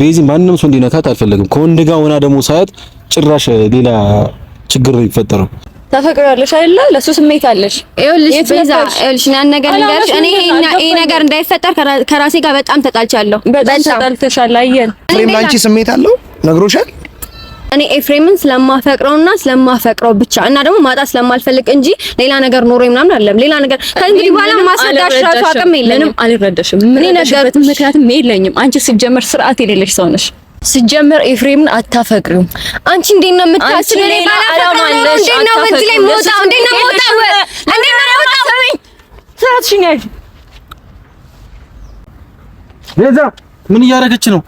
ቤዚ ማንም ሰው እንዲነካት አልፈለግም። ከወንድ ጋር ሆና ደግሞ ሰዓት ጭራሽ ሌላ ችግር ነው የሚፈጠረው። አይደለ? ለሱ ስሜት አለሽ። ይኸውልሽ ቤዛ፣ ይኸውልሽ ያን ነገር ንገርሽ። እኔ ይሄ ነገር እንዳይፈጠር ከራሴ ጋር በጣም ተጣልቻለሁ። በጣም ተጣልተሻል። አየን። ፍሬም ላንቺ ስሜት አለው ነግሮሻል እኔ ኤፍሬምን ስለማፈቅረውና ስለማፈቅረው ብቻ እና ደግሞ ማጣ ስለማልፈልግ እንጂ ሌላ ነገር ኖሮ ምናምን አይደለም። ሌላ ነገር ከእንግዲህ በኋላ ማስረዳሽ ራሱ አቅም የለኝም፣ አልረዳሽም። ምን ነገር ምክንያትም የለኝም። አንቺ ሲጀመር ስርዓት የሌለሽ ሰው ነሽ። ስጀምር ኤፍሬምን አታፈቅሪውም። አንቺ እንዴት ነው የምታስብ? እኔ ባላፈቅረው ኖሮ እንዴት ነው በዚህ ላይ መውጣው? እንዴት ነው መውጣው? እንዴት ምን እያደረገች ነው?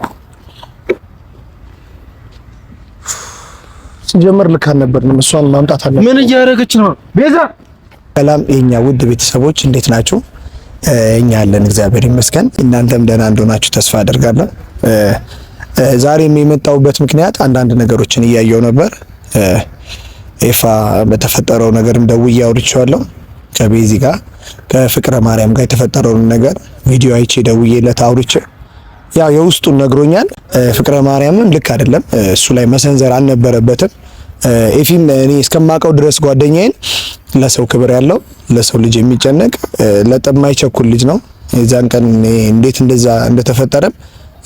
ሲጀመር ልክ አልነበርንም። እሷን ማምጣት አለ። ምን እያደረገች ነው ቤዛ? ሰላም የኛ ውድ ቤተሰቦች እንዴት ናችሁ? እኛ ያለን እግዚአብሔር ይመስገን፣ እናንተም ደህና እንደሆናችሁ ተስፋ አደርጋለሁ። ዛሬ የሚመጣውበት ምክንያት አንዳንድ ነገሮችን እያየው ነበር። ኤፋ በተፈጠረው ነገርም ደውዬ አውርቼዋለሁ ከቤዚ ጋር ከፍቅረ ማርያም ጋር የተፈጠረውን ነገር ቪዲዮ አይቼ ደውዬለት አውርቼ ያው የውስጡን ነግሮኛል። ፍቅረ ማርያምም ልክ አይደለም፣ እሱ ላይ መሰንዘር አልነበረበትም። ኤፊም እኔ እስከማውቀው ድረስ ጓደኛዬን ለሰው ክብር ያለው ለሰው ልጅ የሚጨነቅ ለጠማይ ቸኩል ልጅ ነው። የዛን ቀን እንዴት እንደዛ እንደተፈጠረም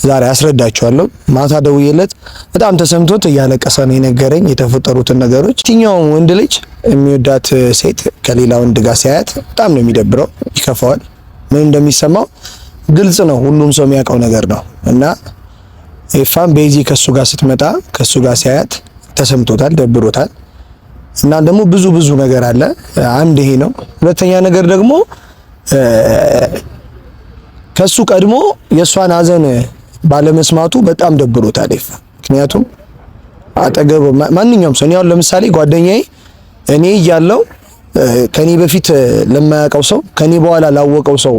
ዛሬ አስረዳቸዋለሁ። ማታ ደውዬለት በጣም ተሰምቶት እያለቀሰ ነው የነገረኝ የተፈጠሩትን ነገሮች። የትኛውም ወንድ ልጅ የሚወዳት ሴት ከሌላ ወንድ ጋር ሲያያት በጣም ነው የሚደብረው፣ ይከፋዋል። ምን እንደሚሰማው ግልጽ ነው፣ ሁሉም ሰው የሚያውቀው ነገር ነው እና ኤፋም ቤዚ ከሱ ጋር ስትመጣ ከሱ ጋር ሲያያት ተሰምቶታል፣ ደብሮታል። እና ደግሞ ብዙ ብዙ ነገር አለ። አንድ ይሄ ነው። ሁለተኛ ነገር ደግሞ ከሱ ቀድሞ የእሷን ሀዘን ባለመስማቱ በጣም ደብሮታል ይፋ። ምክንያቱም አጠገብ ማንኛውም ሰው አሁን ለምሳሌ ጓደኛዬ እኔ እያለው ከኔ በፊት ለማያውቀው ሰው ከኔ በኋላ ላወቀው ሰው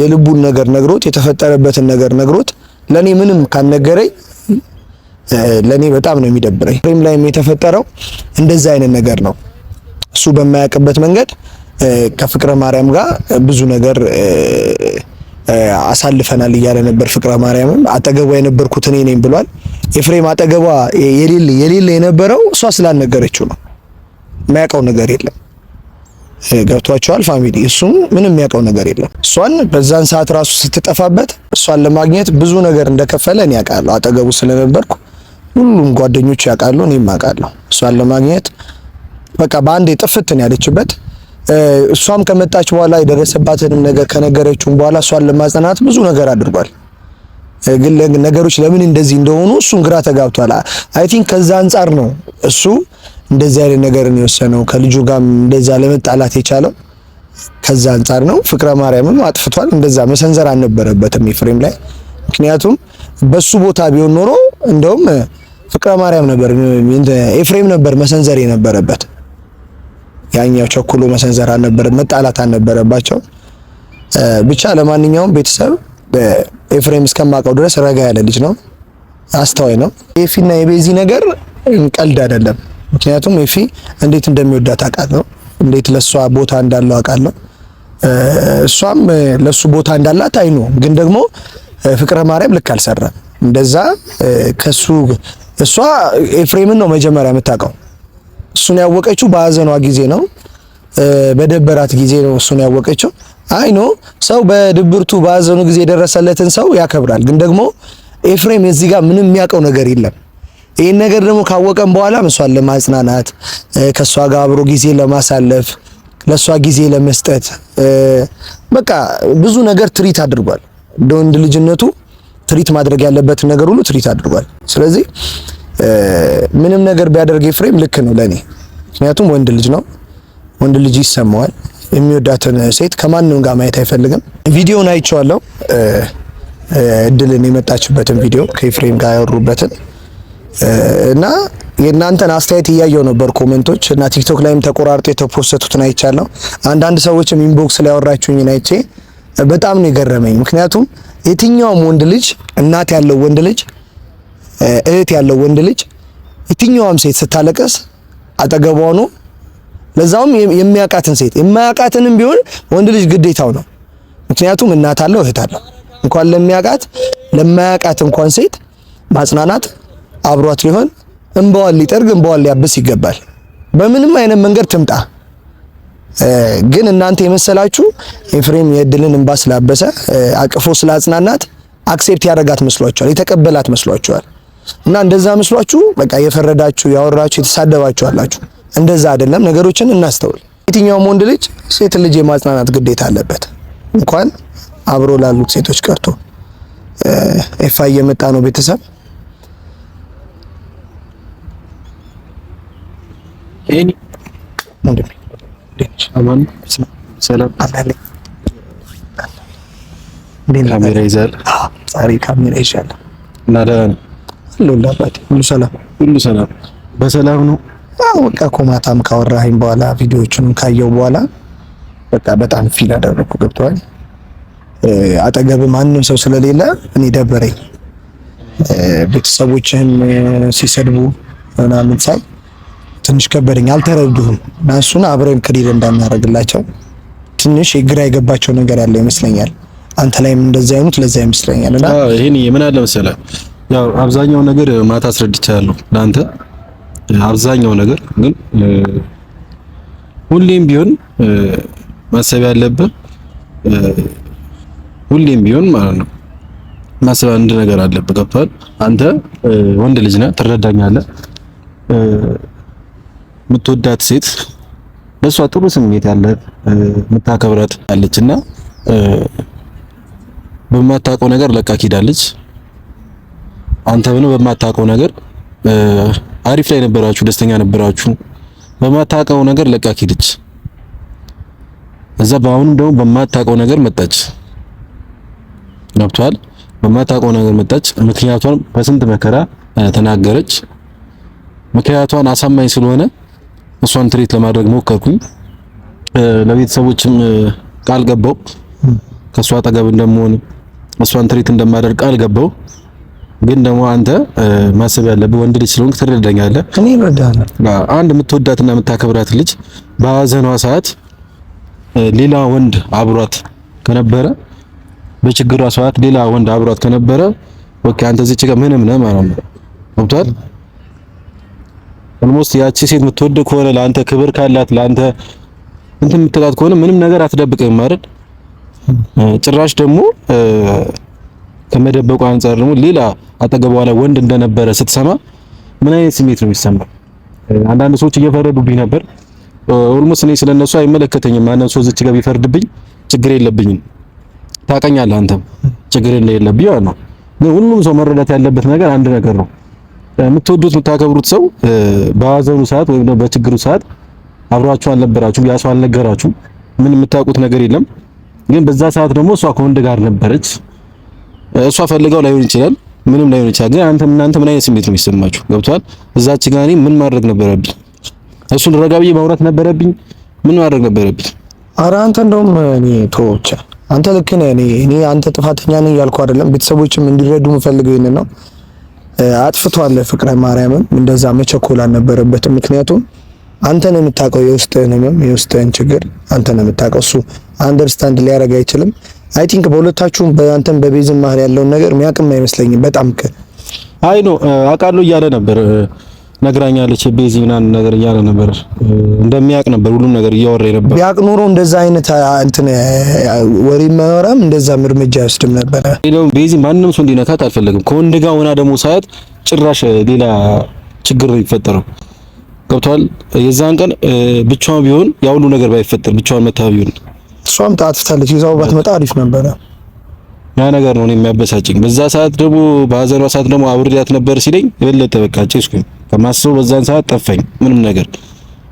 የልቡን ነገር ነግሮት የተፈጠረበትን ነገር ነግሮት ለኔ ምንም ካልነገረኝ ለእኔ በጣም ነው የሚደብረኝ። ፍሬም ላይም የተፈጠረው እንደዛ አይነት ነገር ነው። እሱ በማያውቅበት መንገድ ከፍቅረ ማርያም ጋር ብዙ ነገር አሳልፈናል እያለ ነበር። ፍቅረ ማርያምም አጠገቧ የነበርኩት እኔ ነኝ ብሏል። የፍሬም አጠገቧ የሌለ የሌለ የነበረው እሷ ስላልነገረችው ነው። የሚያውቀው ነገር የለም። ገብቷቸዋል ፋሚሊ። እሱም ምንም የሚያውቀው ነገር የለም። እሷን በዛን ሰዓት ራሱ ስትጠፋበት እሷን ለማግኘት ብዙ ነገር እንደከፈለ እኔ አውቃለሁ፣ አጠገቡ ስለነበርኩ ሁሉም ጓደኞች ያውቃሉ፣ እኔም አውቃለሁ። እሷን ለማግኘት በቃ በአንዴ ጥፍትን ያለችበት እሷም ከመጣች በኋላ የደረሰባትንም ነገር ከነገረችው በኋላ እሷን ለማጽናናት ብዙ ነገር አድርጓል። ግን ነገሮች ለምን እንደዚህ እንደሆኑ እሱን ግራ ተጋብቷል። አይ ቲንክ ከዛ አንጻር ነው እሱ እንደዚህ አይነት ነገርን የወሰነው ከልጁ ጋር እንደዛ ለመጣላት የቻለው ከዛ አንጻር ነው። ፍቅረ ማርያምም አጥፍቷል። እንደዛ መሰንዘር አልነበረበትም ኤፍሬም ላይ ምክንያቱም በሱ ቦታ ቢሆን ኖሮ እንደውም ፍቅረ ማርያም ነበር ኤፍሬም ነበር መሰንዘር የነበረበት። ያኛው ቸኩሎ መሰንዘር አልነበረ፣ መጣላት አልነበረባቸው። ብቻ ለማንኛውም ቤተሰብ ኤፍሬም እስከማውቀው ድረስ ረጋ ያለ ልጅ ነው፣ አስተዋይ ነው። ኤፊና የቤዚ ነገር ቀልድ አይደለም። ምክንያቱም ኤፊ እንዴት እንደሚወዳት ነው እንዴት ለሷ ቦታ እንዳለው ነው እሷም ለሱ ቦታ እንዳላት አይኑ ግን ደግሞ ፍቅረ ማርያም ልክ አልሰራም። እንደዛ ከሱ እሷ ኤፍሬምን ነው መጀመሪያ የምታውቀው። እሱን ያወቀችው በአዘኗ ጊዜ ነው፣ በደበራት ጊዜ ነው እሱን ያወቀችው። አይ ኖ ሰው በድብርቱ በሀዘኑ ጊዜ የደረሰለትን ሰው ያከብራል። ግን ደግሞ ኤፍሬም እዚህ ጋር ምንም የሚያውቀው ነገር የለም። ይህን ነገር ደግሞ ካወቀም በኋላ እሷን ለማጽናናት ከእሷ ጋር አብሮ ጊዜ ለማሳለፍ ለእሷ ጊዜ ለመስጠት በቃ ብዙ ነገር ትሪት አድርጓል። እንደ ወንድ ልጅነቱ ትሪት ማድረግ ያለበትን ነገር ሁሉ ትሪት አድርጓል። ስለዚህ ምንም ነገር ቢያደርግ ኤፍሬም ልክ ነው ለኔ። ምክንያቱም ወንድ ልጅ ነው፣ ወንድ ልጅ ይሰማዋል። የሚወዳትን ሴት ከማንም ጋር ማየት አይፈልግም። ቪዲዮን አይቼዋለሁ፣ እድልን የመጣችበትን ቪዲዮ ከኤፍሬም ጋር ያወሩበትን እና የእናንተን አስተያየት እያየው ነበር ኮሜንቶች እና ቲክቶክ ላይም ተቆራርጦ የተፖሰቱትን አይቻለሁ። አንዳንድ ሰዎችም ኢንቦክስ ላይ ያወራችሁኝን አይቼ በጣም ነው የገረመኝ። ምክንያቱም የትኛውም ወንድ ልጅ እናት ያለው ወንድ ልጅ እህት ያለው ወንድ ልጅ የትኛዋም ሴት ስታለቀስ አጠገቧ ሆኖ ለዛውም የሚያውቃትን ሴት የማያውቃትንም ቢሆን ወንድ ልጅ ግዴታው ነው። ምክንያቱም እናት አለው እህት አለው። እንኳን ለሚያውቃት ለማያውቃት እንኳን ሴት ማጽናናት አብሯት ሊሆን እንባዋን ሊጠርግ እንባዋን ሊያብስ ይገባል። በምንም አይነት መንገድ ትምጣ ግን እናንተ የመሰላችሁ ኤፍሬም የእድልን እንባ ስላበሰ አቅፎ ስላጽናናት አክሴፕት ያደረጋት መስሏቸዋል፣ የተቀበላት መስሏቸዋል። እና እንደዛ መስሏችሁ በቃ የፈረዳችሁ ያወራችሁ የተሳደባችሁ አላችሁ። እንደዛ አይደለም። ነገሮችን እናስተውል። የትኛውም ወንድ ልጅ ሴት ልጅ የማጽናናት ግዴታ አለበት። እንኳን አብሮ ላሉት ሴቶች ቀርቶ ኤፋ እየመጣ ነው ቤተሰብ ካሜራ ይዛል። ዛሬ ካሜራ ይዣለሁ እና አለ አባቴ። ሁሉ ሰላም፣ ሁሉ ሰላም፣ በሰላም ነው። አዎ በቃ ኮማታም ካወራኸኝ በኋላ ቪዲዮዎቹንም ካየው በኋላ በቃ በጣም ፊል አደረኩ። ገብቶሃል። አጠገብ ማንም ሰው ስለሌለ እኔ ደበረኝ። ቤተሰቦችህን ሲሰድቡ ምናምን ሳይ ትንሽ ከበደኝ። አልተረዱህም እና እሱን አብረን ክሊር እንዳናደርግላቸው ትንሽ የግራ የገባቸው ነገር ያለ ይመስለኛል። አንተ ላይም እንደዚህ አይነት ለዛ ይመስለኛል እና ይሄን ምን አለ መሰለህ ያው አብዛኛው ነገር ማታ አስረድቻለሁ ለአንተ አብዛኛው ነገር ግን ሁሌም ቢሆን ማሰብ ያለብህ ሁሌም ቢሆን ማለት ነው ማሰብ አንድ ነገር አለብህ። ገብቷል? አንተ ወንድ ልጅ ነህ፣ ትረዳኛለህ። የምትወዳት ሴት ለእሷ ጥሩ ስሜት ያለ የምታከብራት አለች እና በማታውቀው ነገር ለቃ ኪዳለች። አንተ ምንም በማታውቀው ነገር አሪፍ ላይ ነበራችሁ፣ ደስተኛ ነበራችሁ። በማታውቀው ነገር ለቃክ ሄደች። እዛ በአሁኑም ደግሞ በማታውቀው ነገር መጣች። ገብቷል። በማታውቀው ነገር መጣች። ምክንያቷን በስንት መከራ ተናገረች። ምክንያቷን አሳማኝ ስለሆነ እሷን ትሬት ለማድረግ ሞከርኩኝ። ለቤተሰቦችም ቃል ገባው ከእሷ አጠገብ እንደምሆን እሷን ትሬት እንደማደርግ ቃል ገባው። ግን ደግሞ አንተ ማሰብ ያለብህ ወንድ ልጅ ስለሆንክ ትረዳኛለህ። እኔ እረዳለሁ። አንድ የምትወዳትና የምታከብራት ልጅ በሀዘኗ ሰዓት ሌላ ወንድ አብሯት ከነበረ፣ በችግሯ ሰዓት ሌላ ወንድ አብሯት ከነበረ ኦኬ፣ አንተ እዚህ ጋር ምንም ነህ ማለት ነው። ገብቶሃል? ኦልሞስት ያቺ ሴት የምትወድህ ከሆነ ለአንተ ክብር ካላት ለአንተ እንትን የምትላት ከሆነ ምንም ነገር አትደብቅም ማለት ጭራሽ ደግሞ ከመደበቁ አንጻር ደግሞ ሌላ አጠገቧ ላይ ወንድ እንደነበረ ስትሰማ ምን አይነት ስሜት ነው የሚሰማው? አንዳንድ ሰዎች እየፈረዱብኝ ነበር። ኦልሞስት እኔ ስለነሱ አይመለከተኝም። ማንም ሰው እዚች ጋር ቢፈርድብኝ ችግር የለብኝም። ታቀኛለህ አንተም ችግር የለብኝ ነው። ሁሉም ሰው መረዳት ያለበት ነገር አንድ ነገር ነው። የምትወዱት የምታከብሩት ሰው በሀዘኑ ሰዓት ወይም ደግሞ በችግሩ ሰዓት አብሯችሁ አልነበራችሁም። ያ ሰው አልነገራችሁም። ምን የምታውቁት ነገር የለም። ግን በዛ ሰዓት ደግሞ እሷ ከወንድ ጋር ነበረች እሷ ፈልገው ላይሆን ይችላል፣ ምንም ላይሆን ይችላል። ግን አንተ እናንተ ምን አይነት ስሜት ነው የሚሰማችሁ? ገብቷል። እዛች ጋር እኔ ምን ማድረግ ነበረብኝ? እሱን ረጋ ብዬ ማውራት ነበረብኝ? ምን ማድረግ ነበረብኝ? አረ አንተ እንደውም እኔ ቶቻ አንተ ልክ ነህ። እኔ እኔ አንተ ጥፋተኛ ነኝ እያልኩ አይደለም። ቤተሰቦችም እንዲረዱ የምፈልገው ይሄንን ነው። አጥፍቷል። ፍቅረ ማርያምም እንደዛ መቸኮል አልነበረበትም። ምክንያቱም አንተ ነው የምታውቀው የውስጥህን ህመም፣ የውስጥህን ችግር አንተ ነው የምታውቀው። እሱ አንደርስታንድ ሊያደርግ አይችልም። አይ ቲንክ በሁለታችሁም በአንተም በቤዝም መሀል ያለውን ነገር ሚያቅም አይመስለኝም። በጣም ከ አይ ኖ አውቃለሁ እያለ ነበር ነግራኛለች ቤዚ ምናምን ነገር እያለ ነበር። እንደሚያውቅ ነበር ሁሉም ነገር እያወራ ነበር። ቢያውቅ ኖሮ እንደዛ አይነት እንትን ወሬ ማወራም እንደዛ እርምጃ አይወስድም ነበረ። ይሄው ቤዚ ማንም ሰው እንዲነካት አልፈለግም። ከወንድ ጋር ሆና ደግሞ ሳያት ጭራሽ ሌላ ችግር ይፈጠረው ገብቷል። የዛን ቀን ብቻዋን ቢሆን ያ ሁሉ ነገር ባይፈጠር ብቻዋን መታ ቢሆን እሷም ታጥፍታለች። ይዛው ባትመጣ አሪፍ ነበረ። ያ ነገር ነው የሚያበሳጭኝ። በዛ ሰዓት ደግሞ በሀዘኗ ሰዓት ደግሞ አውርዳት ነበር ሲለኝ የበለጠ በቃ ጭስኩኝ ከማስበው በዛን ሰዓት ጠፋኝ። ምንም ነገር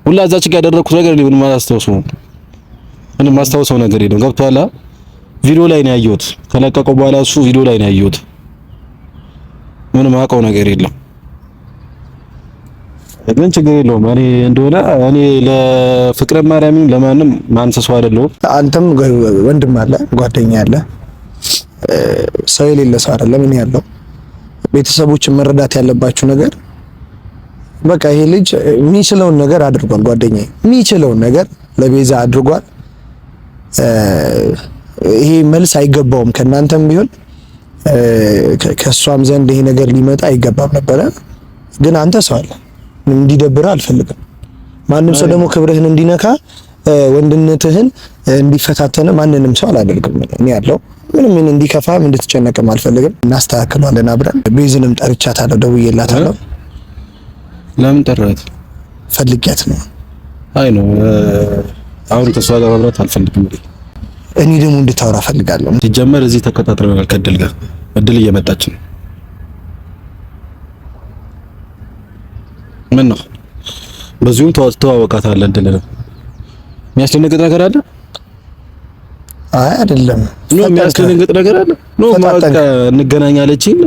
ሁላ እዛች ጋር ያደረኩት ነገር ነው ምንም አላስታውሰውም። ምንም ማስታውሰው ነገር የለም። ገብቶሃል? ቪዲዮ ላይ ነው ያየሁት። ከለቀቀው በኋላ እሱ ቪዲዮ ላይ ነው ያየሁት። ምንም አውቀው ነገር የለም። ግን ችግር የለውም። እኔ እንደሆነ እኔ ለፍቅረ ማርያምም ለማንም ማንሰሱ አይደለሁም። አንተም ወንድም አለ፣ ጓደኛ አለ፣ ሰው የሌለ ሰው አይደለም። እኔ ያለው ቤተሰቦችን መረዳት ያለባችሁ ነገር በቃ ይሄ ልጅ የሚችለውን ነገር አድርጓል። ጓደኛ የሚችለውን ነገር ለቤዛ አድርጓል። ይሄ መልስ አይገባውም። ከእናንተም ቢሆን ከእሷም ዘንድ ይሄ ነገር ሊመጣ አይገባም ነበረ። ግን አንተ ሰው አለ እንዲደብርህ አልፈልግም። ማንም ሰው ደግሞ ክብርህን እንዲነካ ወንድነትህን እንዲፈታተን ማንንም ሰው አላደርግም። እኔ ያለው ምንም ምን እንዲከፋም እንድትጨነቅም አልፈልግም። እናስተካክለዋለን አብረን። ቤዝንም ጠርቻታለሁ፣ ደውዬላታለሁ። ለምን ጠራት? ፈልጊያት ነው። አይ ነው አሁን ከሷ ጋር ማብራት አልፈልግም። እኔ ደግሞ እንድታወራ ፈልጋለሁ። ሲጀመር እዚህ ተቀጣጥረናል ከእድል ጋር እድል እየመጣች ነው ምን ነው በዚሁም ተዋወቃታለህ እንድልህ ነው። የሚያስደነግጥ ነገር አለ? አይ አይደለም። ኖ የሚያስደነግጥ ነገር አለ? ኖ በቃ እንገናኝ አለችኝ፣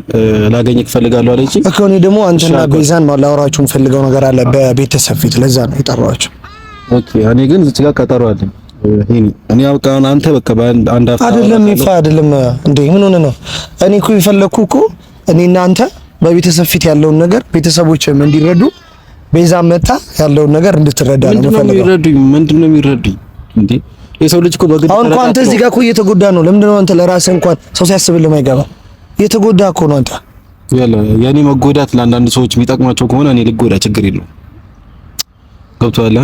ላገኘህ እፈልጋለሁ አለችኝ እኮ። እኔ ደግሞ አንተና ቤዛን ላወራችሁ የምፈልገው ነገር አለ በቤተሰብ ፊት፣ ለዛ ነው የጠራኋቸው። ኦኬ። እኔ ግን እዚህ ጋር ቀጠሮ አለኝ። እኔ በቃ አንተ በቃ አንድ አፍታ አይደለም ይፋ አይደለም እንዴ? ምን ሆነ ነው? እኔ እኮ የፈለኩ እኮ እኔና አንተ በቤተሰብ ፊት ያለውን ነገር ቤተሰቦችም እንዲረዱ ቤዛ መታ ያለውን ነገር እንድትረዳ ነው የምፈልገው። ምንድን ነው የሚረዱኝ? እንዴ የሰው ልጅ እኮ በግድ አሁን እንኳን አንተ እዚህ ጋር እኮ እየተጎዳ ነው። ለምንድን ነው አንተ ለራስህ እንኳን ሰው ሲያስብልህ አይገባ እየተጎዳ እኮ ነው አንተ። ያለ የእኔ መጎዳት ለአንዳንድ ሰዎች የሚጠቅማቸው ከሆነ እኔ ልጎዳ፣ ችግር የለውም። ገብቶሃል?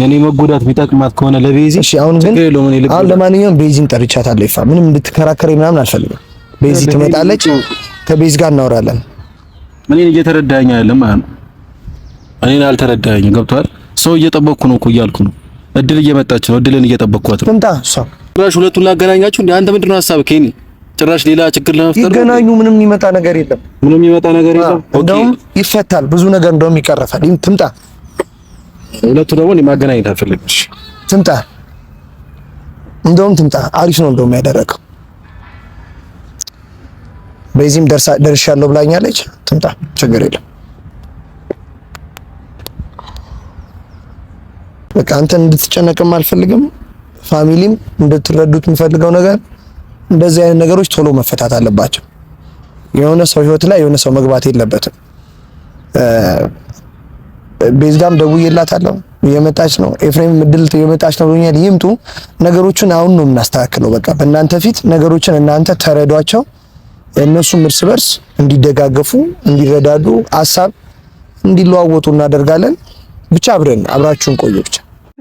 የእኔ መጎዳት የሚጠቅማት ከሆነ ለቤዚ እሺ። አሁን ግን ችግር ልጎዳ። አሁን ለማንኛውም ቤዚን ጠርቻታለሁ። ይፋ ምንም እንድትከራከሪ ምናምን አልፈልግም። ቤዚ ትመጣለች፣ ከቤዚ ጋር እናወራለን። እኔን እየተረዳኸኝ አይደለም ማለት ነው እኔን አልተረዳኸኝ። ገብቶሃል? ሰው እየጠበቅኩ ነው እኮ እያልኩ ነው። እድል እየመጣች ነው። እድልን እየጠበቅኳት ነው። እንታ እሷ ጭራሽ ሁለቱን ላገናኛችሁ እንዴ? አንተ ምንድነው ሀሳብ ከኔ ጭራሽ ሌላ ችግር ለመፍጠር ይገናኙ። ምንም የሚመጣ ነገር የለም። ምንም የሚመጣ ነገር የለም። እንደውም ይፈታል። ብዙ ነገር እንደውም ይቀረፋል። ትምጣ። ሁለቱ ደግሞ እኔ ማገናኘት አልፈለግሽ። ትምጣ፣ እንደውም ትምጣ። አሪፍ ነው እንደውም ያደረገው። በዚህም ደርሻለሁ ብላኛለች። ትምጣ፣ ችግር የለም። በቃ አንተን እንድትጨነቅም አልፈልግም። ፋሚሊም እንድትረዱት የምፈልገው ነገር እንደዚህ አይነት ነገሮች ቶሎ መፈታት አለባቸው። የሆነ ሰው ህይወት ላይ የሆነ ሰው መግባት የለበትም። ቤዛም ደውዬላታለሁ፣ እየመጣች ነው። ኤፍሬም ምድል እየመጣች ነው ብሎኛል። ይምጡ። ነገሮችን አሁን ነው የምናስተካክለው። በቃ በእናንተ ፊት ነገሮችን እናንተ ተረዷቸው። እነሱም እርስ በርስ እንዲደጋገፉ፣ እንዲረዳዱ፣ ሀሳብ እንዲለዋወጡ እናደርጋለን። ብቻ አብረን አብራችሁን ቆየ ብቻ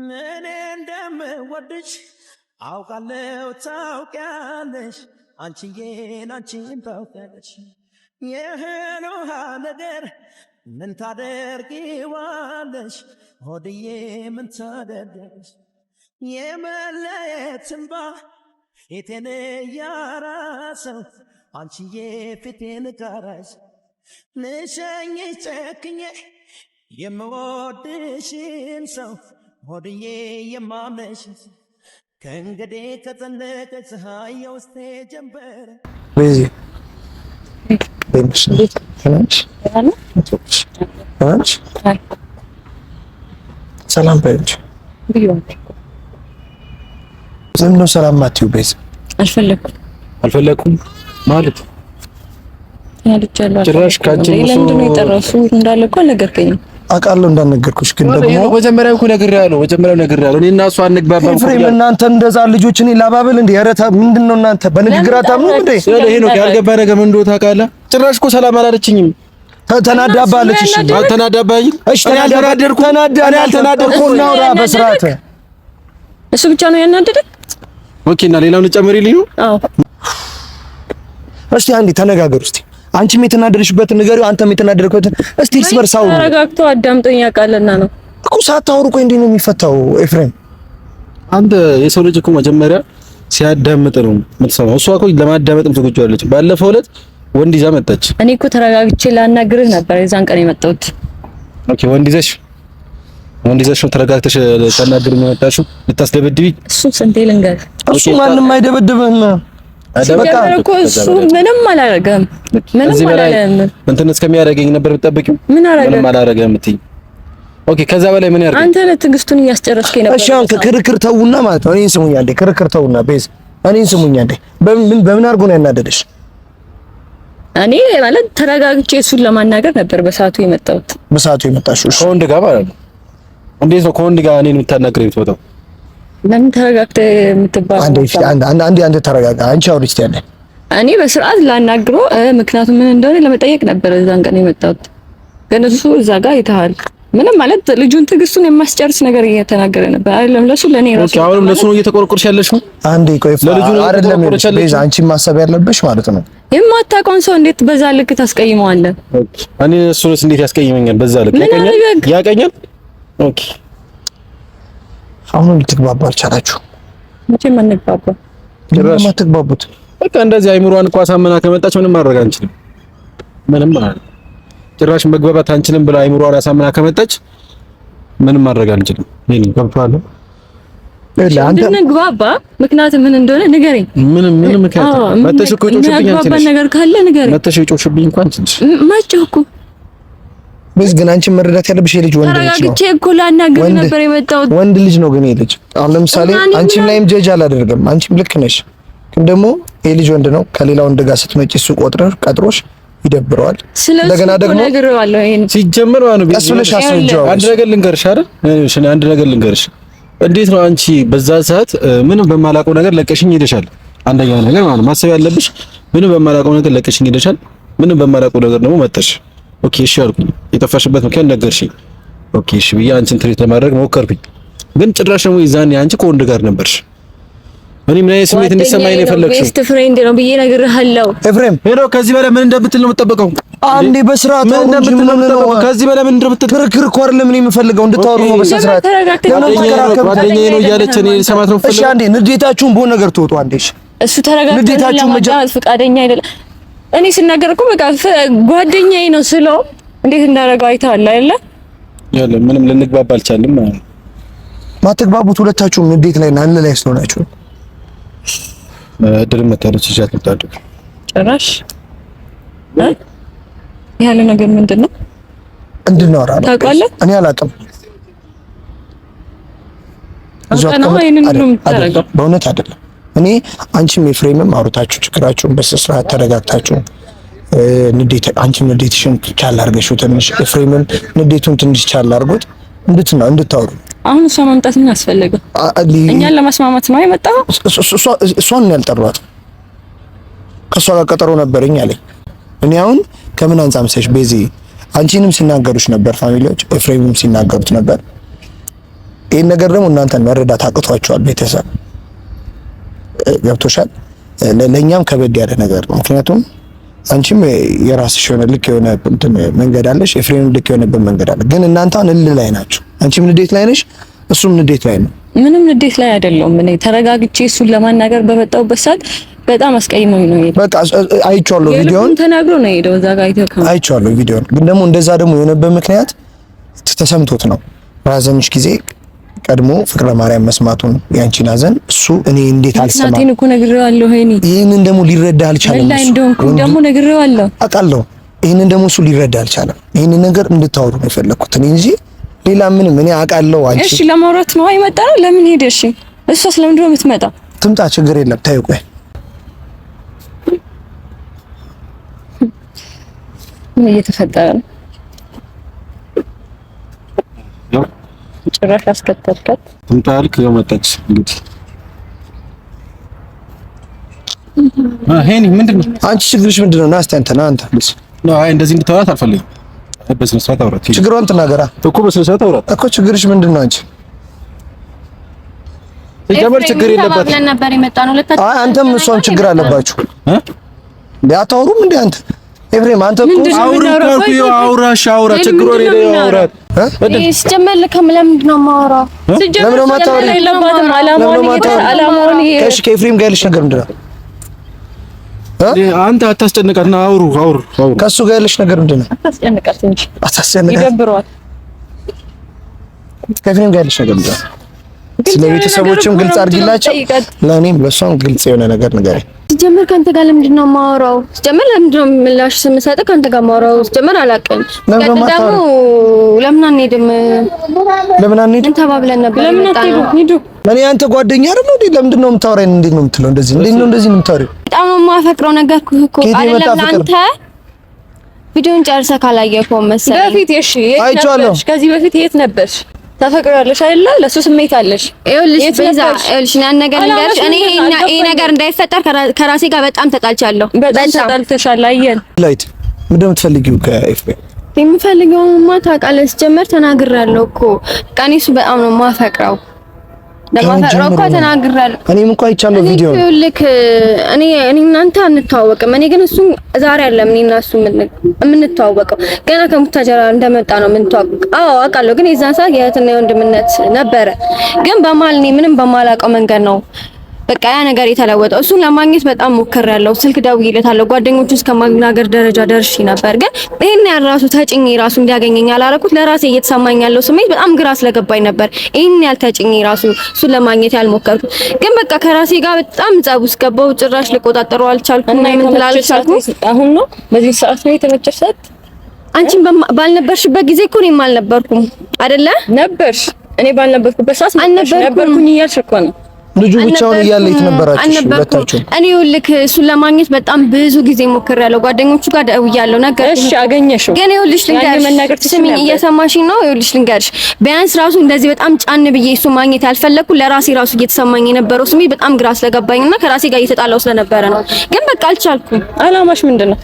ምን እንደምወድሽ አውቃለሁ ታውቂያለሽ አንቺዬን አንቺን ታውቂያለሽ የህል ውሃ ነገር ምን ታደርጊዋለሽ ሆድዬ ምን ታደርጊያለሽ የመለየት እንባ ፊቴን እያራሰው አንቺዬ ፊቴን ጋራሽ ንሸኝ ጨክኜ የምወድሽን ሰው ሆድዬ የማምነሽ ከእንግዲህ ከጸለቀ ፀሐይ የውስጤ ሰላም በእንጂ ዝም ነው ሰላም ቤዝ አልፈለኩም አልፈለኩም ማለት ጭራሽ ካንቺ ለምንድን ነው የጠራሱ እንዳለ እኮ አልነገርከኝም አውቃለሁ እንዳነገርኩሽ ግን ደግሞ መጀመሪያ እኮ ነግሬሃለሁ። መጀመሪያ ነግሬሃለሁ። እኔ እና እሷ አንግባባም። ኤፍሬም፣ እናንተ እንደዛ ልጆች እኔ ላባብል እንዴ? ኧረ ምንድን ነው እናንተ በንግግር አታምኑ እንዴ? ይሄ ነው ያልገባ ነገር ምን እንደሆነ ታውቃለህ። ጭራሽ እኮ ሰላም አላለችኝም። ተናዳባለች። እሺ፣ ተናዳባይ። እሺ፣ ተናደርኩ፣ ተናደርኩ። እናውራ በስርዓት። እሱ ብቻ ነው ያናደደኝ። ኦኬ። እና ሌላውን ጨምሪልኝ ነው። አዎ፣ እሺ፣ አንዴ ተነጋገሩ እስቲ አንቺም የተናደድሽበትን ንገሪው፣ አንተም የተናደድከበትን እስቲ እርስ በርስ አውሩ። ተረጋግቶ አዳምጦኝ ያውቃልና ነው እኮ ሳታወሩ ቆይ፣ እንዴት ነው የሚፈታው? ኤፍሬም አንተ የሰው ልጅ እኮ መጀመሪያ ሲያዳምጥ ነው የምትሰማው። እሷ እኮ ለማዳመጥ ምትጎጆዋለች። ባለፈው ዕለት ወንድ ይዛ መጣች። እኔ እኮ ተረጋግቼ ላናግርህ ነበር የዛን ቀን የመጣሁት። ኦኬ፣ ወንድ ይዘሽ ወንድ ይዘሽ ነው ተረጋግተሽ ልታናግሪኝ የመጣሽው? ልታስደበድቢ? እሱም ስንቴ ልንገርህ። እሱ ማንም አይደበድብህና ሲጀምር እኮ እሱ ምንም አላረገም፣ ምንም አላለም። እንትን እስከሚያደርገኝ ነበር ብትጠብቂው። ምንም ኦኬ። ከዛ በላይ ምን ያደርገኝ? አንተ ትዕግስቱን እያስጨረስከኝ ነበር። እሺ፣ አሁን ክርክር ተውና ማለት ነው። እኔን ስሙኝ አንዴ፣ ክርክር ተውና ቤዝ፣ እኔን ስሙኝ አንዴ። በምን በምን አድርጎ ነው ያናደደሽ? እኔ ማለት ተረጋግቼ እሱን ለማናገር ነበር በሰዓቱ የመጣሁት። በሰዓቱ የመጣሽው ከወንድ ጋር ማለት ነው። እንዴት ነው ከወንድ ጋር እኔን የምታናግረኝ ለምን ተረጋግተ የምትባለው? አንዴ አንዴ ተረጋጋ። አንቺ አውሪ እስኪ ያለ እኔ በስርዓት ላናግሮ ምክንያቱም ምን እንደሆነ ለመጠየቅ ነበር እዛን ቀን የመጣሁት። ግን እሱ እዛ ጋር ይተሃል ምንም ማለት ልጁን ትዕግስቱን የማስጨርስ ነገር እየተናገረ ነበር። አይደለም ለሱ ለኔ ራሱ አሁንም ለሱ ነው እየተቆረቆርሽ ያለሽ ነው። አንዴ ቆይ ለልጁ ነው አይደለም ቤዛ፣ አንቺ ማሰብ ያለብሽ ማለት ነው። የማታውቀውን ሰው እንዴት በዛ ልክ ታስቀይመዋለህ? እኔ እሱንስ እንዴት ያስቀይመኛል? በዛ ልክ ያቀኛል። ኦኬ አሁን ልትግባባ አልቻላችሁም። መቼም አንግባባ ጭራሽ ማትግባቡት። በቃ እንደዚህ አይምሯን እኮ አሳመና ከመጣች ምንም ማድረግ አንችልም። ምንም ማለት ጭራሽ መግባባት አንችልም ብላ አይምሯን አሳመና ከመጣች ምንም ማድረግ አንችልም። ይሄን ገብቷል። እንድንግባባ ምክንያት ምን እንደሆነ ንገረኝ። ምንም ምንም ምክንያት መተሽ እኮ ጮሽብኝ፣ ነገር ካለ ንገረኝ። መተሽ ጮሽብኝ እንኳን ትንሽ መጮህ እኮ ቤዝ ግን አንቺ መረዳት ያለብሽ የልጅ ወንድ ልጅ ነው። እኮ ላናግርህ ነበር የመጣሁት ወንድ ልጅ ነው። ግን የልጅ አሁን ለምሳሌ አንቺም ላይም ጀጅ አላደርግም። አንቺም ልክ ነሽ። ግን ደግሞ የልጅ ወንድ ነው። ከሌላ ወንድ ጋር ስትመጪ እሱ ቆጥረሽ ቀጥሮሽ ይደብረዋል። እንደገና ደግሞ ሲጀመር ማለት ነው ቀስ ብለሽ አስረጃው። አንድ ነገር ልንገርሽ አይደል? እሺ፣ አንድ ነገር ልንገርሽ። እንዴት ነው አንቺ በዛ ሰዓት ምንም በማላውቀው ነገር ለቀሽኝ ሄደሻል። አንደኛ ነገር ማለት ማሰብ ያለብሽ ምንም በማላውቀው ነገር ለቀሽኝ ሄደሻል። ምንም በማላውቀው ነገር ደግሞ መጣሽ ኦኬ እሺ አልኩኝ። የጠፋሽበት ምክንያት ነገርሽኝ። ኦኬ እሺ ብዬ አንቺን ትሬት ለማድረግ ሞከርኩኝ፣ ግን ጭራሽ ነው የዛኔ አንቺ ከወንድ ጋር ነበርሽ። እኔ ምን አይነት ስሜት እንዲሰማኝ ነው የፈለግሽው? ቤስት ፍሬንድ ነው ብዬ እነግርሃለሁ። ኤፍሬም ሄሎ፣ ከዚህ በላይ ምን እንደምትል ነው የምጠበቀው? አንዴ በስርዓት ምን እንደምትል ነው የምጠበቀው? ከዚህ በላይ ምን እንደምትል ክርክር እኮ አይደለም እኔ የምፈልገው፣ እንድታወሩ ነው በስርዓት። ጓደኛዬ ነው እያለች እኔ ሰማት ነው የምፈልገው። እሺ አንዴ ንዴታችሁን በሆነ ነገር ትወጡ። አንዴ እሺ እሱ ተረጋግተን ለማዳመጥ ፈቃደኛ አይደለም እኔ ስናገር እኮ በቃ ጓደኛዬ ነው ስለው እንዴት እንዳደረገው አይተሃል አይደለ? ያለ ምንም ልንግባባ አልቻልም። ማትግባቡት ሁለታችሁም እንዴት ላይ ናን አንድ ላይ ስለሆናችሁ እድል መታለች ይሻት ልታደርግ ጭራሽ ያለ ነገር ምንድን ነው እንድናወራ ነው ታውቃለህ። እኔ አላውቅም። በእውነት አይደለም እኔ አንቺም ኤፍሬምም አውርታችሁ ችግራችሁን በስርዓት ተረጋግታችሁ ንዴት አንቺም ንዴትሽን ቻል አድርገሽው ትንሽ ኤፍሬምም ንዴቱን ትንሽ ቻል አድርጎት እንድትና እንድታወሩ አሁን እሷ መምጣት ምን አስፈለገ? እኛን ለማስማማት ነው የመጣው። እሷን ነው ያልጠሯት። ከእሷ ጋር ቀጠሮ ነበረኝ አለኝ። እኔ አሁን ከምን አንጻም ሰሽ ቤዚ አንቺንም ሲናገሩሽ ነበር ፋሚሊዎች፣ ኤፍሬምም ሲናገሩት ነበር። ይህን ነገር ደግሞ እናንተን መረዳት አቅቷቸዋል ቤተሰብ ገብቶሻል። ለእኛም ከበድ ያለ ነገር ነው። ምክንያቱም አንቺም የራስሽ የሆነ ልክ የሆነ እንትን መንገድ አለሽ፣ ኤፍሬም ልክ የሆነበት መንገድ አለ። ግን እናንተ አሁን እልህ ላይ ናችሁ። አንቺም ንዴት ላይ ነሽ፣ እሱም ንዴት ላይ ነው። ምንም ንዴት ላይ አይደለሁም። እኔ ተረጋግቼ እሱን ለማናገር በመጣሁበት ሰዓት በጣም አስቀይሞኝ ነው የሄደው። በቃ አይቼዋለሁ፣ ቪዲዮውን ተናግሮ ነው የሄደው። እዛ ጋር አይተካም፣ አይቼዋለሁ ቪዲዮውን። ግን ደግሞ እንደዛ ደግሞ የሆነበት ምክንያት ተሰምቶት ነው። ባዘንሽ ጊዜ ቀድሞ ፍቅረ ማርያም መስማቱን ያንቺን አዘን እሱ እኔ እንዴት አልሰማም? እናቴን እኮ ነግሬዋለሁ። ሄኒ ይሄንን ደግሞ ሊረዳ አልቻለም። እሱ ደግሞ ነግሬዋለሁ፣ አውቃለሁ። ይሄንን ደግሞ እሱ ሊረዳ አልቻለም። ይሄንን ነገር እንድታወሩ ነው የፈለኩት እኔ እንጂ ሌላ ምንም እኔ አውቃለሁ። አንቺ እሺ፣ ለማውራት ነው አይመጣ ነው። ለምን ሄደ? እሺ፣ እሷ ስለምንድን ነው የምትመጣ? ትምጣ፣ ችግር የለም። ታዩ ቆይ ምን እየተፈጠረ ነው? ጭራሽ አስከተልከት። ትምጣ ያልክ መጣች። እንግዲህ ሄኒ ምንድን ነው አንቺ ችግርሽ ምንድን ነው? ና እስኪ አንተ ና አንተ ነው። አይ እንደዚህ እንድታወራት አልፈልግም። በስነ ስርዓት አውራት። ችግሯን ትናገራ እኮ በስነ ስርዓት አውራት እኮ። ችግርሽ ምንድን ነው አንቺ? የጀመር ችግር የለባትም። አይ አንተም እሷም ችግር አለባችሁ። አታወሩም እንደ አንተ ኤፍሬም አንተ እኮ አውራሽ አውራ ችግሩ እኔ ላይ ሲጀመር ልከም ለምንድን ነው የማወራው? ከኤፍሬም ጋር ያለሽ ነገር ምንድን ነው? አንተ አታስጨንቃት እና አውሩ አውሩ አውሩ። ከእሱ ጋር ያለሽ ነገር ምንድን ነው? አታስጨንቃት እንጂ አታስጨንቃት። ይደብረዋል። ከኤፍሬም ጋር ያለሽ ነገር ምንድን ነው? ስለ ቤተሰቦቹም ግልጽ አድርጊላቸው፣ ለእኔም ለእሷም ግልጽ የሆነ ነገር ንገረኝ። ሲጀምር ከአንተ ጋር ለምንድን ነው የማወራው? ሲጀምር ለምንድን ነው ምላሽ ስንሰጥህ ከአንተ ጋር የማወራው? ሲጀምር አላውቅም። ደግሞ ለምን አንሄድም? ለምን አንሄድም ተባብለን ነበር። ለምን አትሄዱ? ሂዱ። እኔ አንተ ጓደኛ አይደል እንዴ? ለምንድን ነው የምታወራኝ? እንዴት ነው የምትለው? እንደዚህ እንዴት ነው እንደዚህ ነው የምታወራኝ? በጣም ነው የማፈቅረው። ነገርኩህ እኮ አይደለም አንተ ቪዲዮን ጨርሰህ ካላየኸው መሰለኝ በፊት። እሺ፣ የት ነበርሽ? ከዚህ በፊት የት ነበርሽ? ተፈቅሪያለሽ አይደለ? ለሱ ስሜት አለሽ። ይኸውልሽ ቤዛ፣ ይኸውልሽ ያን ነገር ልንገርሽ፣ እኔ ይሄ ይሄ ነገር እንዳይፈጠር ከራሴ ጋር በጣም ተጣልቻለሁ። በጣም ተጣልተሻል። አየን ላይት ምንድን ነው የምትፈልጊው ከኤፍቢ? የምፈልገውማ ታውቃለህ። ሲጀመር ተናግሬያለሁ እኮ ቀኔ በጣም ነው የማፈቅረው ለማፈራኳ እኔም እኮ አይቻለሁ ቪዲዮ ልክ እኔ እኔ እናንተ አንተዋወቅም። እኔ ግን እሱ ዛሬ አይደለም እኔ እና እሱ የምንተዋወቀው ገና ከሙታጀራ እንደመጣ ነው አዎ አውቃለሁ። ግን የዛን ሰዓት የእህትና የወንድምነት ነበረ። ግን በማል እኔ ምንም በማላውቀው መንገድ ነው በቃ ያ ነገር የተለወጠው። እሱን ለማግኘት በጣም ሞከር ያለው ስልክ ደውዬለታለሁ። ጓደኞቹ እስከ ማናገር ደረጃ ደርሼ ነበር። ግን ይሄን ያህል ራሱ ተጭኝ ራሱ እንዲያገኘኝ አላረኩት። ለራሴ እየተሰማኝ ያለው ስሜት በጣም ግራ ስለገባኝ ነበር ይሄን ያህል ተጭኝ ራሱ እሱን ለማግኘት ያልሞከርኩት። ግን በቃ ከራሴ ጋር በጣም ጸብ ውስጥ ገባሁ። ጭራሽ ልቆጣጠረው አልቻልኩም። ምን ትላለች አልኩኝ። አሁን ነው በዚህ ሰዓት ነው የተመቸሽ ሰዓት አንቺን ባልነበርሽበት ጊዜ እኮ እኔም አልነበርኩም አይደለ? ነበርሽ። እኔ ባልነበርኩበት ሰዓት ነበርኩኝ እያልሽ እኮ ነው ልጁ ብቻውን እያለ የት ነበራችሁ ሁለታችሁ? እኔ ይኸውልህ እሱን ለማግኘት በጣም ብዙ ጊዜ ሞክሬያለሁ። ጓደኞቹ ጋር ደውያለሁ ነገር እሺ፣ አገኘሽው? ግን ይኸውልሽ ልንገርሽ፣ ስሚኝ፣ እየሰማሽኝ ነው? ይኸውልሽ ልንገርሽ፣ ቢያንስ ራሱ እንደዚህ በጣም ጫን ብዬ እሱ ማግኘት ያልፈለኩ ለራሴ ራሱ እየተሰማኝ የነበረው ስሜ በጣም ግራ ስለገባኝና ከራሴ ጋር እየተጣላው ስለነበረ ነው። ግን በቃ አልቻልኩም። አላማሽ ምንድን ነው?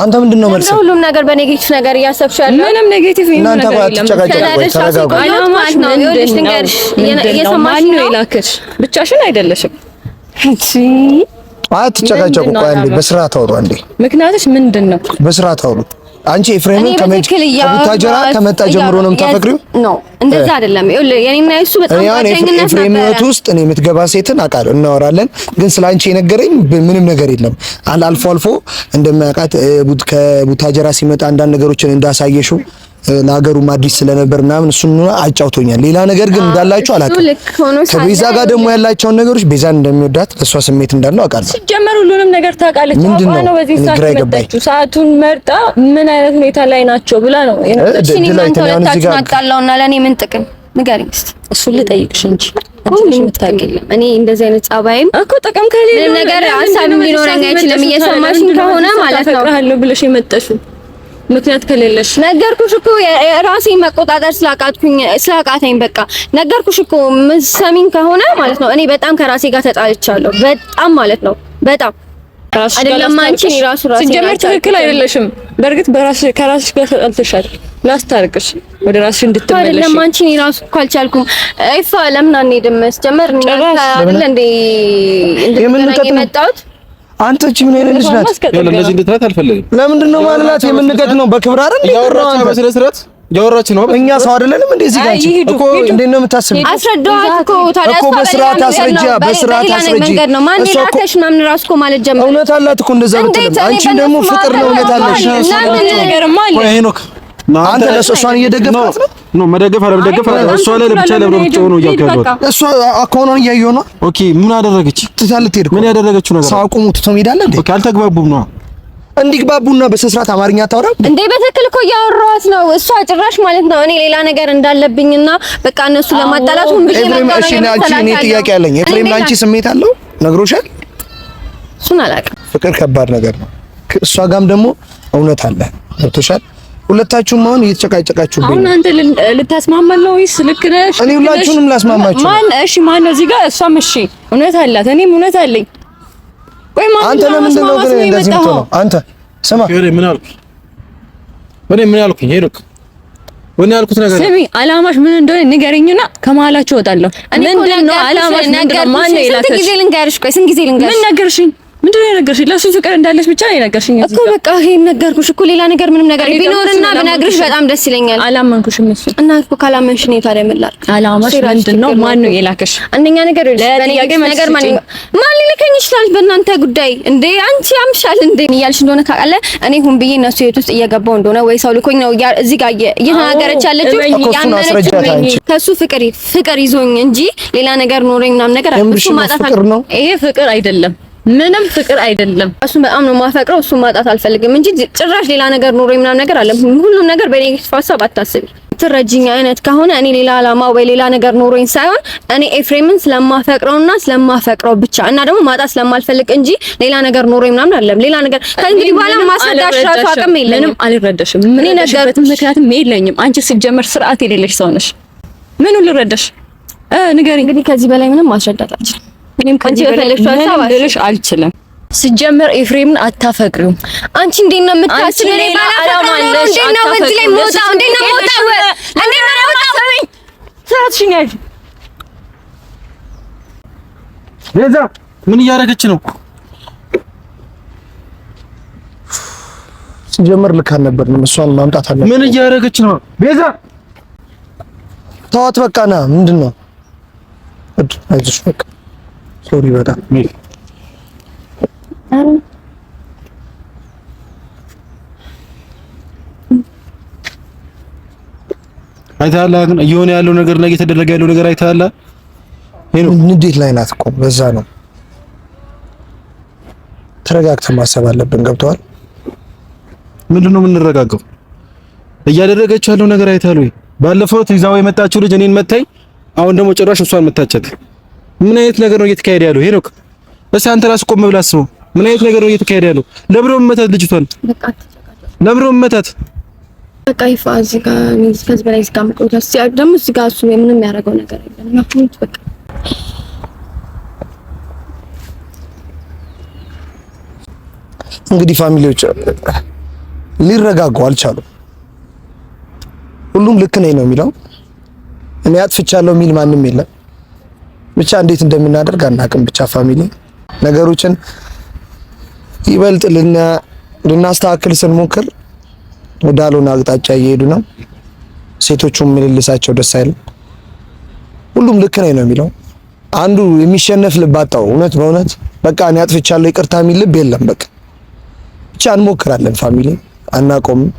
አንተ ምንድን ነው መልሰህ? ሁሉም ነገር በኔጌቲቭ ነገር እያሰብሽ ያለው ምንም ኔጌቲቭ ምንም ነገር የለም። ተናደሽ አስቆም ነው ይኸውልሽ ልንገርሽ፣ እየሰማሽ ነው የላከሽ ብቻሽን አይደለሽም። እሺ አትጨቃጨቁ። ቆይ አንዴ በስርዓት አውሩ። አንዴ ምክንያትሽ ምንድን ነው? በስርዓት አውሩ። አንቺ ኤፍሬምን ከቡታጀራ ከመጣ ጀምሮ ነው የምታፈቅሪው? ኖ እንደዛ አይደለም። የኔና የሱ በጣም ጓደኝነት ኤፍሬም ህይወት ውስጥ እኔ የምትገባ ሴትን አውቃለሁ፣ እናወራለን። ግን ስለ አንቺ የነገረኝ ምንም ነገር የለም። አልፎ አልፎ እንደማያውቃት ከቡታጀራ ሲመጣ አንዳንድ ነገሮችን እንዳሳየሽው ለሀገሩ ማድሪድ ስለነበር ምናምን እሱ አጫውቶኛል። ሌላ ነገር ግን እንዳላችሁ አላውቅም። ከቤዛ ጋር ደግሞ ያላቸውን ነገሮች ቤዛን እንደሚወዳት ለእሷ ስሜት እንዳለው አውቃለሁ። ሲጀመር ሁሉንም ነገር ታውቃለች። ምንድን ነው በዚህ ሰዓት መጣችሁ? ሰዓቱን መርጣ ምን አይነት ሁኔታ ላይ ናቸው ብላ ነው ሁለታችሁን አጣላውና ለእኔ ምን ጥቅም ንገሪኝ እስኪ እሱን ልጠይቅሽ እንጂ እኔ እንደዚህ አይነት ጸባይም እኮ ጥቅም ከሌለ ነገር ሀሳብ ሊኖረኝ አይችልም። እየሰማሽኝ ከሆነ ማለት ነው ብለሽ የመጣሽው ምክንያት ከሌለሽ ነገርኩሽ እኮ ራሴን መቆጣጠር ስላቃትኩኝ ስላቃተኝ በቃ ነገርኩሽ እኮ ምሰሚኝ ከሆነ ማለት ነው። እኔ በጣም ከራሴ ጋር ተጣልቻለሁ። በጣም ማለት ነው። በጣም አይደለም አንቺ ራሱ ራሴ ሲጀመር ትክክል አይደለሽም። በእርግጥ በራስ ከራስሽ ጋር ተጣልተሻል። ላስታርቅሽ ወደ ራስሽ እንድትመለሽ አይደለም አንቺ ራሱ እኮ አልቻልኩም። አይፋ ለምን አንሄድም? ሲጀመር እኛ አይደል እንዴ እንድትገናኝ የመጣሁት አንተ እቺ ምን አይነት ልጅ ናት? ያለ እንደዚህ እንድትላት አልፈልግም። ለምንድን ነው ማንላት? የምንቀጥ ነው በክብር አይደል? ያወራች ነው በስነ ያወራች ነው። እኛ ሰው አይደለንም እንዴ? እዚህ ጋር እኮ እንዴት ነው የምታስቢው? አስረዳኋት እኮ ታዲያ እኮ በስርዓት አስረጃ፣ በስርዓት ነው ማን ላከሽ ምናምን እራሱ እኮ ማለት ጀመረ። እውነት አላት እኮ እንደዛ ብትልም፣ አንቺ ደግሞ ፍቅር ነው እውነት አለሽ። ነው። አንተ እሷን እየደገፍካት ነው። መደገፍ አረብ አለመደገፍ እሷ ላይ ለብቻ ብቻ ነው እያካሄደው እሷ አካውንቷን እያየሁ ነው። ኦኬ ምን አደረገች? ትሄድ። ምን ያደረገችው ነገር ሳቁሙ ትቶ ሄዳለ እንዴ? ኦኬ አልተግባቡም ነው እንዲግባቡና በስነስርዓት አማርኛ አታወራም እንዴ? በትክክል እኮ እያወራኋት ነው። እሷ ጭራሽ ማለት ነው እኔ ሌላ ነገር እንዳለብኝና በቃ እነሱ ለማጣላት ሁን ብዬ ነው። እሺ እኔ ጥያቄ አለኝ። ኤፍሬም ለአንቺ ስሜት አለው ነግሮሻል? እሱን አላውቅም። ፍቅር ከባድ ነገር ነው። እሷ ጋም ደግሞ እውነት አለ ገብቶሻል ሁለታችሁም አሁን እየተጨቃጨቃችሁ ነው። አሁን አንተ ልታስማማል ነው ወይስ ልክ ነሽ? እኔ ሁላችሁንም ላስማማችሁ። ማን እሺ፣ ማን ነው እዚህ ጋር? እሷም እሺ፣ እውነት አላት፣ እኔም እውነት አለኝ። ቆይ ማን አንተ ለምንድን ነው ግን እንደዚህ የምትሆነው? አንተ ስማ፣ ምን አልኩኝ? እኔ ምን አልኩኝ? ሄድክ ወኔ ያልኩት ነገር ስሚ፣ አላማሽ ምን እንደሆነ ንገረኝና ከመሀላችሁ እወጣለሁ። ምንድን ነው አላማሽ? ነገር ማን ነው የላከሽ? ስንት ጊዜ ልንገርሽ? ቆይ ስንት ጊዜ ልንገርሽ? ምን ነገርሽኝ? ምንድነው የነገርሽኝ? ለሱ ፍቅር እንዳለሽ ብቻ ነው የነገርሽኝ እኮ በቃ ይሄን ነገርኩሽ እኮ ሌላ ነገር ምንም ነገር ቢኖርና ብነግርሽ በጣም ደስ ይለኛል። አላመንኩሽም። እሱ እና እኮ ካላመንሽ ነው ታዲያ ምላል አላማሽ ነው? ማን ነው የላከሽ? አንደኛ ነገር ነገር ማን ማን ሊልከኝ ይችላል? በእናንተ ጉዳይ እንዴ አንቺ አምሻል እንዴ እያልሽ እንደሆነ ካቃለ እኔ ሁን ብዬ እነሱ የት ውስጥ እየገባው እንደሆነ ወይ ሰው ልኮኝ ነው እዚህ ጋር እየተናገረች ያለችው ያመነችው ከሱ ፍቅር ፍቅር ይዞኝ እንጂ ሌላ ነገር ኖረኝ ምናምን ነገር ፍቅር ነው ይሄ ፍቅር አይደለም። ምንም ፍቅር አይደለም። እሱን በጣም ነው የማፈቅረው። እሱን ማጣት አልፈልግም እንጂ ጭራሽ ሌላ ነገር ኖሮ ምናምን ነገር አለ። ሁሉም ነገር በኔጌቲቭ ሀሳብ አታስቢ። ትረጅኝ አይነት ከሆነ እኔ ሌላ አላማ ወይ ሌላ ነገር ኖሮኝ ሳይሆን እኔ ኤፍሬምን ስለማፈቅረውና ስለማፈቅረው ብቻ እና ደግሞ ማጣት ስለማልፈልግ እንጂ ሌላ ነገር ኖሮኝ ምናምን አለ። ሌላ ነገር ከእንግዲህ በኋላ ማስረዳሽ ራሱ አቅም የለኝም። ምንም አልረዳሽም። ምን ነገር ምክንያቱም የለኝም። አንቺ ሲጀመር ስርዓት የሌለሽ ሰው ነሽ። ምኑን ልረዳሽ? ንገሪኝ እንግዲህ። ከዚህ በላይ ምንም ማስረዳት አልችልም። ምንም ከዚህ በላይ ምንም ልልሽ አልችልም። ስጀመር ኤፍሬምን አታፈቅሪውም። አንቺ እንዴት ነው የምታስቢው? እኔ አላማ አለሽ። ምን እያደረገች ነው? ስጀመር ልክ አልነበርንም። እሷን ማምጣት አለ። ምን እያደረገች ነው? ቤዛ ተዋት፣ በቃ ና። ምንድን ነው? አይዞሽ በቃ ሶሪ በጣም አይታላ ግን እየሆነ ያለው ነገር ላይ እየተደረገ ያለው ነገር አይተሃል። ሄሎ ንዴት ላይ ናት እኮ በዛ ነው። ተረጋግተን ማሰብ አለብን። ገብተዋል። ምንድን ነው የምንረጋገው? እያደረገችው ያለው ነገር አይተሃል ወይ? ባለፈው ይዛው የመጣችው ልጅ እኔን መታኝ። አሁን ደግሞ ጭራሽ እሷን መታቸት። ምን አይነት ነገር ነው እየተካሄደ ያለው ሄኖክ? እስኪ አንተ ራስህ ቆም ብለህ አስበው። ምን አይነት ነገር ነው እየተካሄደ ያለው? ለምን ነው መታት ልጅቷን? ለምን ነው መታት? በቃ ይፋ እዚህ ጋር ከዚህ በላይ እዚህ ጋር መቆየት አስቸጋሪ ደግሞ እዚህ ጋር እሱ ምንም ያደረገው ነገር የለም። ናፍቁት በቃ እንግዲህ ፋሚሊዎች ሊረጋጉ አልቻሉም። ሁሉም ልክ ነኝ ነው የሚለው። እኔ አጥፍቻለሁ የሚል ማንም የለም። ብቻ እንዴት እንደምናደርግ አናቅም። ብቻ ፋሚሊ ነገሮችን ይበልጥ ልናስተካክል ስንሞክር ወዳልሆነ አቅጣጫ እየሄዱ ነው። ሴቶቹም ምልልሳቸው ደስ አይልም። ሁሉም ልክ ነኝ ነው የሚለው። አንዱ የሚሸነፍ ልብ አጣው። እውነት በእውነት በቃ እኔ አጥፍቻለሁ ይቅርታ የሚል ልብ የለም። በቃ ብቻ እንሞክራለን ፋሚሊ፣ አናቆምም።